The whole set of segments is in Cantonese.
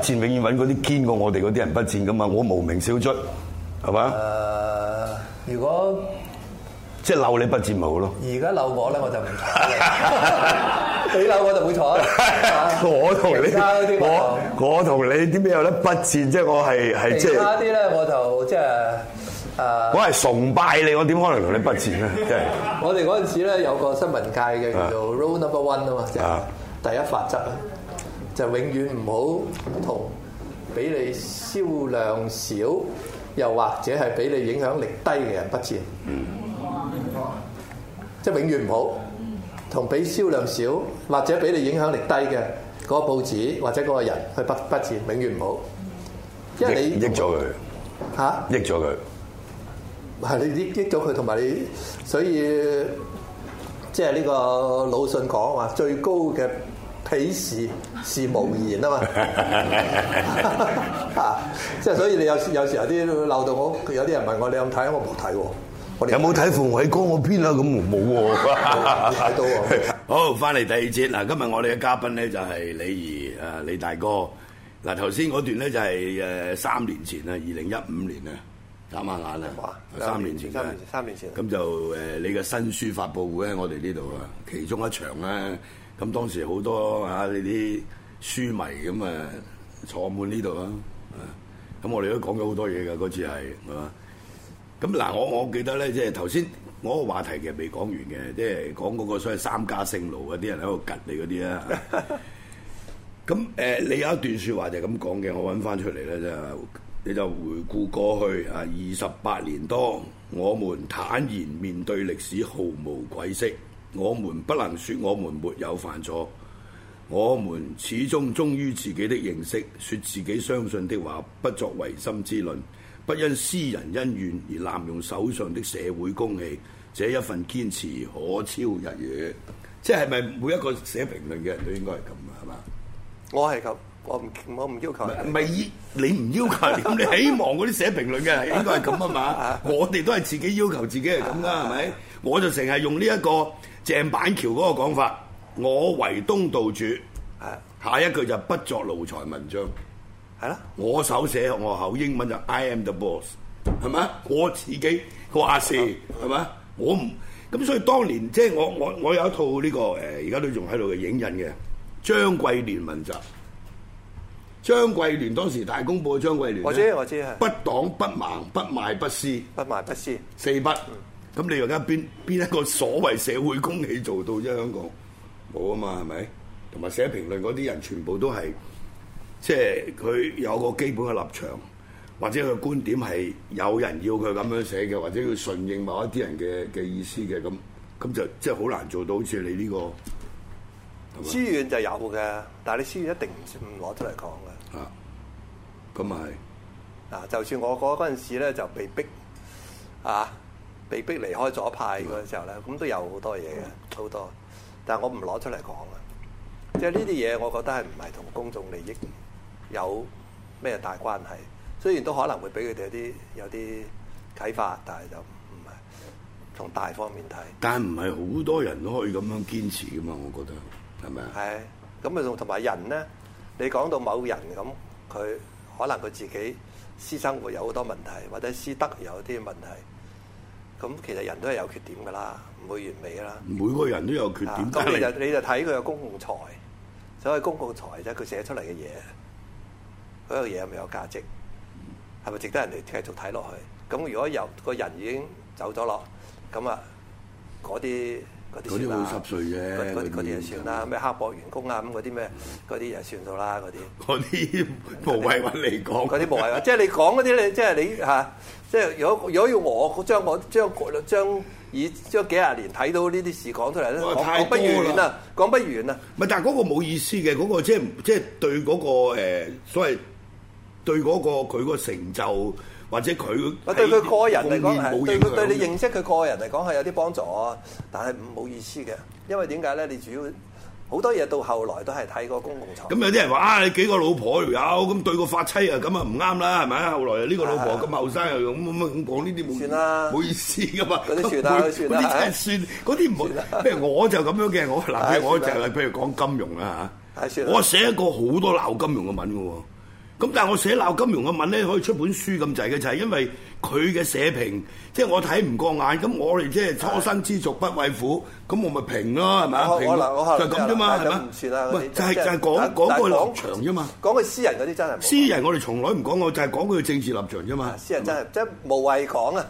不賤永遠揾嗰啲堅過我哋嗰啲人不賤噶嘛，我無名小卒，係嘛？誒，如果即係鬧你不賤冇咯？而家鬧我咧，我就唔坐啦。你鬧我就會坐。我同你，我我同你點樣有得不賤？即係我係係即係。其他啲咧，我就即係誒。我係崇拜你，我點可能同你不賤咧？即係我哋嗰陣時咧，有個新聞界嘅叫做 Rule Number One 啊嘛，第一法則啊。就永遠唔好同比你銷量少，又或者係比你影響力低嘅人不戰。嗯，即係永遠唔好同比銷量少，或者比你影響力低嘅嗰個報紙或者嗰個人去不不戰，永遠唔好。因為你益咗佢嚇，益咗佢係你益益咗佢，同埋你所以即係呢個魯迅講話最高嘅。鄙視事無言啊嘛，即係 所以你有，有時有時候啲漏洞好，有啲人問我你我有睇我冇睇喎？有冇睇馮偉光嗰篇啊？咁冇喎，冇睇到啊！好，翻嚟第二節嗱，今日我哋嘅嘉賓咧就係李怡誒李大哥嗱，頭先嗰段咧就係誒三年前啊，二零一五年啊，眨下眼啊，三年前三年前，三年，哇年前咁、嗯、就誒你嘅新書發布會喺我哋呢度啊，其中一場咧。嗯咁當時好多嚇呢啲書迷咁啊，坐滿呢度啊，咁、啊、我哋都講咗好多嘢㗎嗰次係，係嘛？咁嗱、啊，我我記得咧，即係頭先我個話題其實未講完嘅，即係講嗰個所謂三家姓奴嗰啲人喺度吉你嗰啲 啊。咁誒、呃，你有一段説話就係咁講嘅，我揾翻出嚟咧就是，你就回顧過去啊，二十八年多，我們坦然面對歷史，毫無愧色。我們不能說我們沒有犯錯，我們始終忠於自己的認識，說自己相信的話不作違心之論，不因私人恩怨而濫用手上的社會公器。這一份堅持可超日月，即係咪每一個寫評論嘅人都應該係咁係嘛？我係咁，我唔我唔要求人，唔係你唔要求咁，你希望嗰啲寫評論嘅應該係咁啊嘛？我哋都係自己要求自己係咁噶，係咪？我就成日用呢一個鄭板橋嗰個講法，我為東道主，啊的，下一句就不作奴才文章，係啦的，我手寫我口英文就 I am the boss，係咪？我自己個阿四，i r 係嘛，我唔咁、啊、所以當年即係、就是、我我我有一套呢、這個誒，而家都仲喺度嘅影印嘅張桂蓮文集，張桂蓮當時大公報張桂蓮，我知我知，不黨不盲不賣不私。不賣不私。四不。嗯咁你又而家邊邊一個所謂社會公器做到啫？香港冇啊嘛，係咪？同埋寫評論嗰啲人全部都係，即係佢有個基本嘅立場，或者佢觀點係有人要佢咁樣寫嘅，或者要順應某一啲人嘅嘅意思嘅咁，咁就即係好難做到，好似你呢、這個。私願就有嘅，但係你私願一定唔攞出嚟講嘅。啊，咁、就係、啊嗱，就算我嗰嗰陣時咧就被逼啊。被逼離開左派嘅時候咧，咁的都有好多嘢嘅，好、嗯、多。但係我唔攞出嚟講啦，即係呢啲嘢，我覺得係唔係同公眾利益有咩大關係？雖然都可能會俾佢哋有啲有啲啟發，但係就唔係從大方面睇。但係唔係好多人都可以咁樣堅持㗎嘛？我覺得係咪啊？係，咁啊同埋人咧，你講到某人咁，佢可能佢自己私生活有好多問題，或者私德有啲問題。咁其實人都係有缺點噶啦，唔會完美噶啦。每個人都有缺點。咁、啊、是你就你就睇佢有公共財，所謂公共財啫，佢寫出嚟嘅嘢，嗰、嗰個嘢係咪有價值？係咪值得人哋繼續睇落去？咁如果由個人已經走咗落，咁啊嗰啲。嗰啲好濕碎嘅，嗰啲就算啦，咩刻薄員工啊，咁嗰啲咩，嗰啲就算數啦，嗰啲。嗰啲無謂揾你講。嗰啲無謂話，即係你講嗰啲咧，即係你嚇，即係如果如果要我將我將將以將幾十年睇到呢啲事講出嚟咧，太不完啦，講不完啦。唔係，但係嗰個冇意思嘅，嗰個即係即係對嗰個誒所謂對嗰個佢個成就。或者佢，我對佢個人嚟講，對佢對你認識佢個人嚟講係有啲幫助啊，但係唔好意思嘅，因為點解咧？你主要好多嘢到後來都係睇個公共財。咁有啲人話，啊，你幾個老婆有，咁對個發妻啊，咁啊唔啱啦，係咪啊？後來呢個老婆咁後生又咁，咁講呢啲冇算啦，冇意思噶嘛。嗰啲算啦，嗰啲算，嗰啲唔好。譬如我就咁樣嘅我嗱，我就譬如講金融啦嚇，我寫過好多鬧金融嘅文嘅喎。咁但係我寫鬧金融嘅文咧，可以出本書咁滯嘅，就係因為佢嘅社評，即係我睇唔過眼。咁我哋即係初生之犢不畏虎，咁我咪評咯，係咪啊？就係咁啫嘛，係咪唔算啊，就係就係講講個立場啫嘛。講佢私人嗰啲真係私人，我哋從來唔講，我就係講佢嘅政治立場啫嘛。私人真係即係無謂講啊。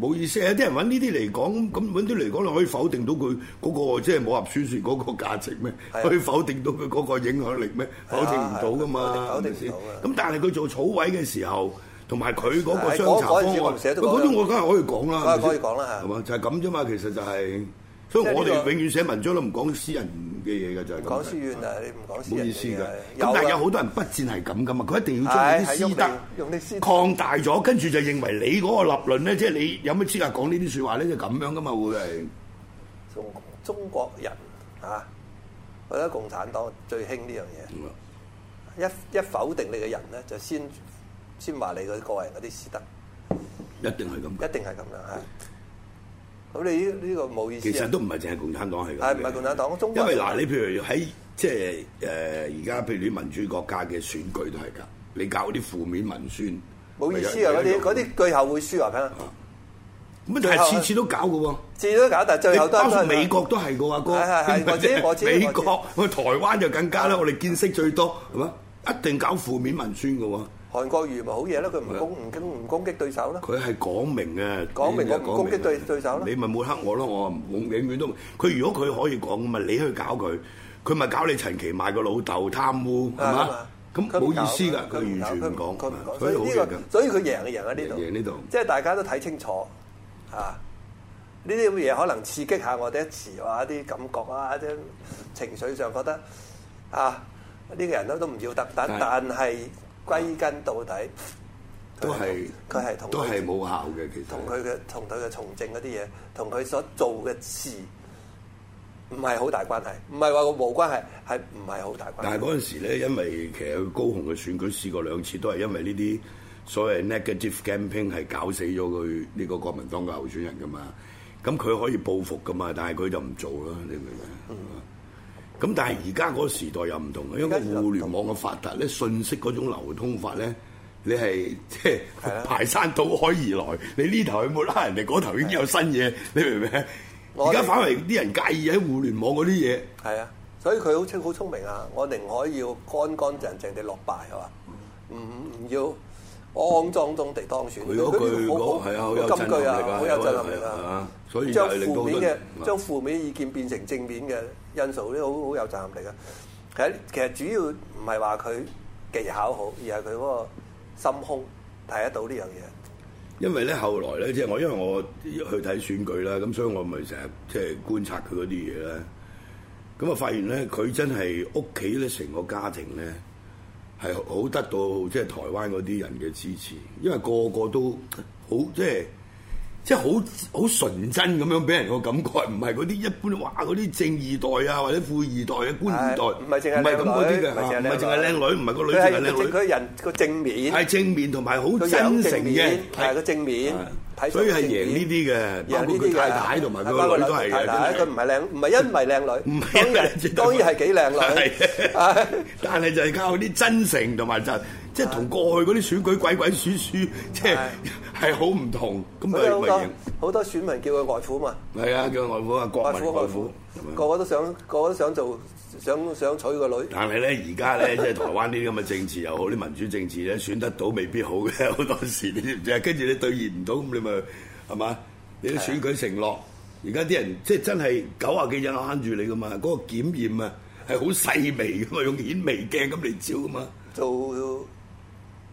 冇意思啊！啲人揾呢啲嚟講，咁揾啲嚟講，你可以否定到佢嗰、嗰個即係武俠書説嗰個價值咩？的可以否定到佢嗰個影響力咩？的否定唔到噶嘛？否定先。咁但係佢做草委嘅時候，同埋佢嗰個雙查方案，佢嗰種我梗係可以講啦，唔知係嘛？就係咁啫嘛，其實就係、係。所以我哋永遠寫文章都唔講私人嘅嘢嘅，就係講書院啊！對你唔講私人、啊，唔好意思㗎。咁的但係有好多人筆戰係咁噶嘛，佢一定要將啲私德用啲私德擴大咗，跟住就認為你嗰個立論咧，即、就、係、是、你有咩資格講呢啲説話咧，就咁、是、樣噶嘛會係中中國人啊，我覺得共產黨最興呢樣嘢。的一一否定你嘅人咧，就先先話你個人嗰啲私德，一定係咁，一定係咁樣嚇。啊。咁你呢呢個冇意思其實都唔係淨係共產黨係，係唔係共產黨？因為嗱，你譬如喺即係誒而家，譬如啲民主國家嘅選舉都係㗎，你搞啲負面文宣，冇意思啊！嗰啲啲句後會輸話品，咁就係次次都搞嘅喎，次次都搞，但係包括美國都係嘅，阿哥，或者美國去台灣就更加啦，我哋見識最多係嘛，一定搞負面文宣嘅喎。韓國瑜咪好嘢咯，佢唔攻唔攻唔攻擊對手咯。佢係講明嘅，講明我唔攻擊對對手咯。你咪冇黑我咯，我永永遠都佢，如果佢可以講咁咪你去搞佢，佢咪搞你陳其邁個老豆貪污係嘛？咁冇意思㗎，佢完全唔講，佢好嘅。所以佢贏係贏喺呢度，即係大家都睇清楚啊。呢啲咁嘅嘢可能刺激下我哋一時話一啲感覺啊，即係情緒上覺得啊，呢個人都都唔要得，但但係。歸根到底，都係佢係同都係冇效嘅，其實同佢嘅同佢嘅從政嗰啲嘢，同佢所做嘅事，唔係好大關係，唔係話冇關係，係唔係好大關係？但係嗰陣時咧，因為其實高雄嘅選舉試過兩次，都係因為呢啲所謂 negative campaign 係搞死咗佢呢個國民黨嘅候選人㗎嘛。咁佢可以報復㗎嘛，但係佢就唔做啦，你明唔明？嗯咁但係而家嗰個時代又唔同，因為互聯網嘅發達咧，信息嗰種流通法咧，你係即係排山倒海而來，的你呢頭佢冇啦人哋，嗰的頭已經有新嘢，你明唔明？的而家反為啲人介意喺互聯網嗰啲嘢。係啊，所以佢好清好聰明啊！我寧可要乾乾淨淨地落敗係嘛，唔唔、嗯嗯嗯、要。昂撞中地當選，佢佢、那個、好啊，有根據啊，好，的好有震撼力啊！所以的將負面嘅的將負面意見變成正面嘅因素，呢好好有震撼力啊！其實其實主要唔係話佢技巧好，而係佢嗰個心胸睇得到呢樣嘢。因為咧後來咧，即係我因為我去睇選舉啦，咁所以我咪成日即係觀察佢嗰啲嘢咧。咁啊，發現咧佢真係屋企咧成個家庭咧。係好得到即係、就是、台灣嗰啲人嘅支持，因為個個都好即係，就是即係好好純真咁樣俾人個感覺，唔係嗰啲一般，話嗰啲正二代啊或者富二代嘅官二代，唔係淨係唔係咁嗰啲嘅嚇，唔係淨係靚女，唔係個女淨係靚女，係係正佢人個正面，係正面同埋好真誠嘅，係個正面，所以係贏呢啲嘅，包括太太同埋個女都係嘅，佢唔係靚，唔係因為靚女，當然當然係幾靚女，但係就係靠啲真誠同埋就即係同過去嗰啲選舉鬼鬼鼠鼠，即係。係好唔同，咁啊好多好多選民叫佢外父嘛，係啊，叫外父啊，國民外父，外的個個都想，個個都想做，想想娶個女。但係咧，而家咧， 即係台灣啲咁嘅政治又好，啲民主政治咧，選得到未必好嘅，好 多時你知唔知啊？跟住你兌現唔到，咁你咪係嘛？你都選舉承諾，而家啲人即係真係九啊幾人攬住你噶嘛？嗰、嗰個檢驗啊係好細微噶嘛，用顯微鏡咁嚟照噶嘛，就。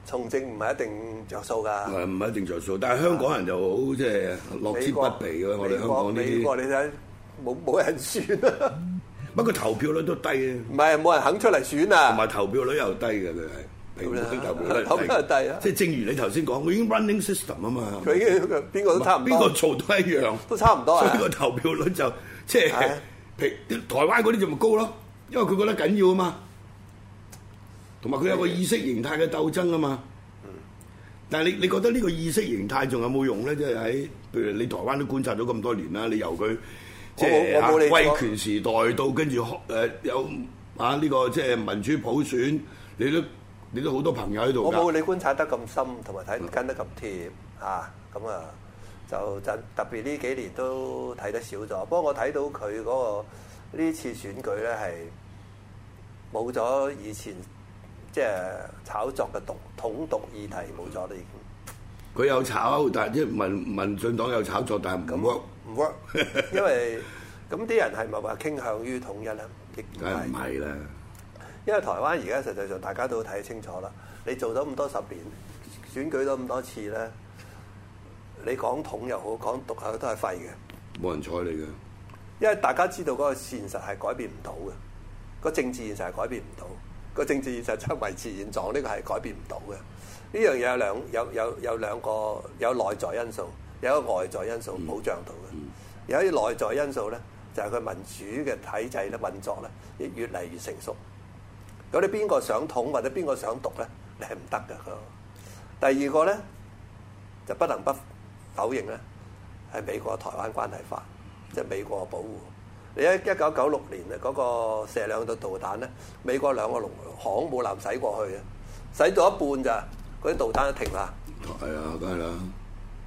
從政唔係一定着數㗎，唔係一定着數？但係香港人就好，即係落之不備嘅。我哋香港呢啲你睇冇冇人選啊？不過投票率都低啊！唔係冇人肯出嚟選啊！唔係投票率又低嘅，佢係平均投票率低啊！即係正如你頭先講，佢已經 running system 啊嘛。佢邊個都差唔多。邊個做都一樣，都差唔多。所以個投票率就即係台台灣嗰啲就咪高咯，因為佢覺得緊要啊嘛。同埋佢有個意識形態嘅鬥爭啊嘛，嗯，但係你你覺得呢個意識形態仲有冇用咧？即係喺譬如你台灣都觀察咗咁多年啦，你由佢即係、啊、威權時代到跟住誒有啊呢個即係民主普選，你都你都好多朋友喺度。我冇你觀察得咁深，同埋睇跟得咁貼啊，咁啊就就特別呢幾年都睇得少咗。不過我睇到佢嗰個呢次選舉咧係冇咗以前。即係炒作嘅統統獨議題冇咗啦，已經。佢有炒，但係即民民進黨有炒作，但係唔 work 唔 work， 因為咁啲人係咪話傾向於統一咧？亦梗係唔係啦？因為台灣而家實際上大家都睇得清楚啦，你做咗咁多十年，選舉咗咁多次咧，你講統又好，講獨又好，都係廢嘅，冇人睬你嘅。因為大家知道嗰個現實係改變唔到嘅，個政治現實係改變唔到。個政治現實出維持現狀，呢個係改變唔到嘅。呢樣嘢有兩有有有兩個有內在因素，有一個外在因素保障到嘅。有啲內在因素咧，就係佢民主嘅體制咧，運作咧，亦越嚟越成熟。咁你邊個想統或者邊個想獨咧，你係唔得㗎。佢第二個咧，就不能不否認咧，係美國台灣關係法，即係美國嘅保護。你喺一九九六年啊，嗰個射兩度導彈咧，美國兩個龍航母艦駛過去啊，駛到一半咋，嗰啲導彈就停啦。係啊，梗係啦。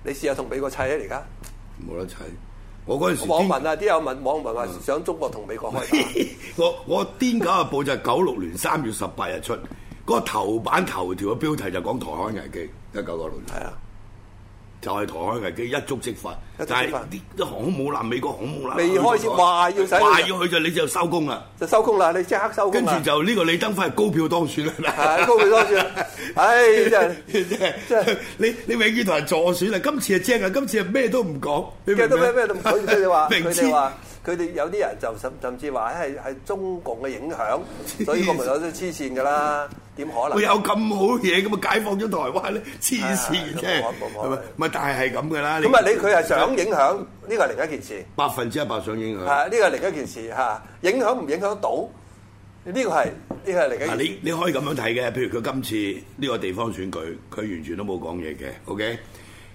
你試下同美國砌啊，而家冇得砌。我嗰陣時網民啊，啲有問網民話想中國同美國開戰 我我癲狗日報就係九六年三月十八日出，嗰 個頭版頭條嘅標題就講台海危機，一九九六年。係啊。就係台灣危機一觸即發，一觸即發就係啲啲航空母艦，美國航空母艦，未開始話要使話要去就你就收工啦，就收工啦，你即刻收工，跟住就呢、這個李登輝高票當選啦，啊，高票當選，唉、 哎、真係真係真係你你永遠同人助選啦，今次啊正啊，今次啊咩都唔講，記得咩咩都唔講，即係話，名次。 佢哋有啲人就甚甚至話係係中共嘅影響，所以個民族都黐線噶啦，點可能？會有咁好嘢咁啊？解放咗台灣咧，黐線啫，係咪？咪但係係咁噶啦。咁啊，你佢係想影響，呢個係另一件事。百分之一百想影響。係啊，呢個係另一件事嚇，影響唔影響得到？呢個係呢個係另一件事。你你可以咁樣睇嘅，譬如佢今次呢個地方選舉，佢完全都冇講嘢嘅，OK。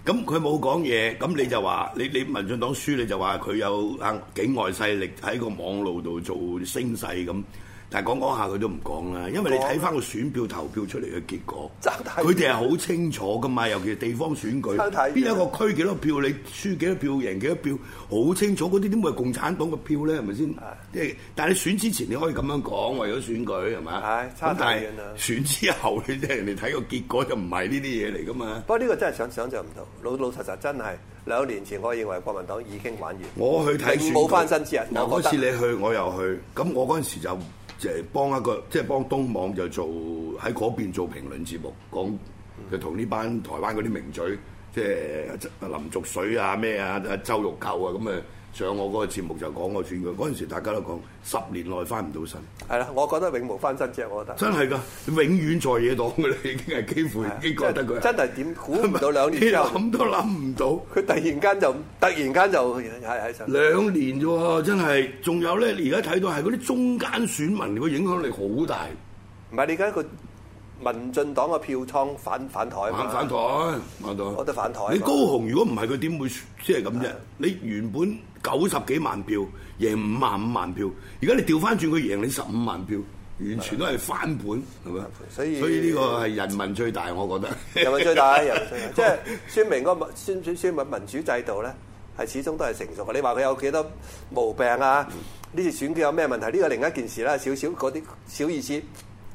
咁佢冇講嘢，咁你就話你你民進黨輸，你就話佢有啊境外勢力喺個網路度做聲勢咁。但講講下佢都唔講啦，因為你睇翻個選票投票出嚟嘅結果，佢哋係好清楚噶嘛，尤其係地方選舉，邊一個區幾多票，你輸幾多票，贏幾多票，好清楚嗰啲點會係共產黨嘅票咧？係咪先？即係唉但係你選之前你可以咁樣講，為咗選舉係咪？差太遠啦！選之後你即係人哋睇個結果就唔係呢啲嘢嚟噶嘛。不過呢個真係想想像唔到，老老實實真係兩年前我認為國民黨已經玩完，我去睇選冇翻身之日，我嗰次你去我又去，咁我嗰陣時就。就係幫一個，即係幫東網就做喺嗰邊做評論節目，講就同呢班台灣嗰啲名嘴，即係林濁水啊咩啊，阿周玉蔻啊咁啊。上我個節目就講我選佢，嗰陣時大家都講十年內翻唔到身。係啦，我覺得永無翻身之日，我覺得。真係噶，永遠在野黨嘅， 已經係幾乎已經覺得佢真係點估唔到兩年？又諗都諗唔到，佢突然間就突然間就係係 兩年啫喎！真係，仲有咧，你而家睇到係嗰啲中間選民個影響力好大。唔係你而家個。民進黨嘅票倉反反台反，反台，反台，我都反台。你高雄如果唔係佢點會即係咁啫？啊、你原本九十幾萬票贏五萬五萬票，而家你調翻轉佢贏你十五萬票，完全都係翻本，係咪啊？吧所以呢個係人民最大，以我覺得人。 人民最大，人民最大。 即係宣明嗰個民宣宣宣文民主制度咧，係始終都係成熟嘅。你話佢有幾多毛病啊？呢次選舉有咩問題？呢個另，另一件事啦，少少嗰啲小意思。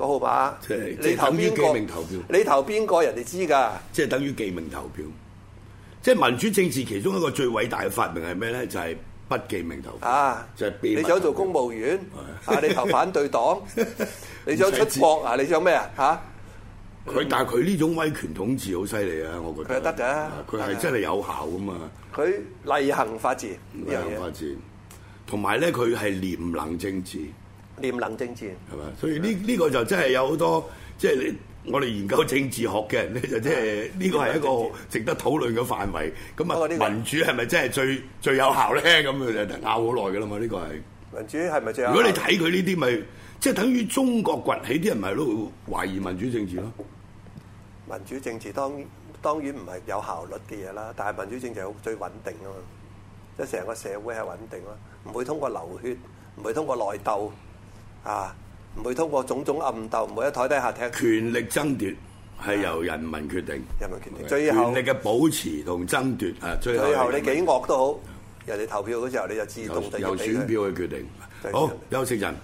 個號即係你等於記名投票。你投邊個人哋知噶，即係等於記名投票。即係民主政治其中一個最偉大嘅發明係咩咧？就係不記名投票。啊，就係你想做公務員，啊你投反對黨，你想出國啊？你想咩啊？吓，佢但係佢呢種威權統治好犀利啊！我覺得佢得嘅，佢係真係有效噶嘛。佢厲行法治，厲行法治，同埋咧佢係廉能政治。賢能政治係嘛？所以呢呢吧個就真係有好多，即、就、係、是、我哋研究政治學嘅人咧，就即係呢個係一個值得討論嘅範圍。咁啊、這個，民主係咪真係最最有效咧？咁啊，拗好耐㗎啦嘛，呢個係民主係咪最？如果你睇佢呢啲，咪即係等於中國崛起啲人咪、就是、都懷疑民主政治咯？民主政治當當然唔係有效率嘅嘢啦，但係民主政治好最穩定啊嘛，即係成個社會係穩定啦，唔會通過流血，唔會通過內鬥。啊！唔會通過種種暗鬥，唔會喺台底下踢。權力爭奪係由人民決定，啊、人民決定。最後，權力嘅保持同爭奪啊！最後，最後你幾惡都好，啊、人哋投票嗰時候你就自動定。由選票去決定。後好，休息一陣。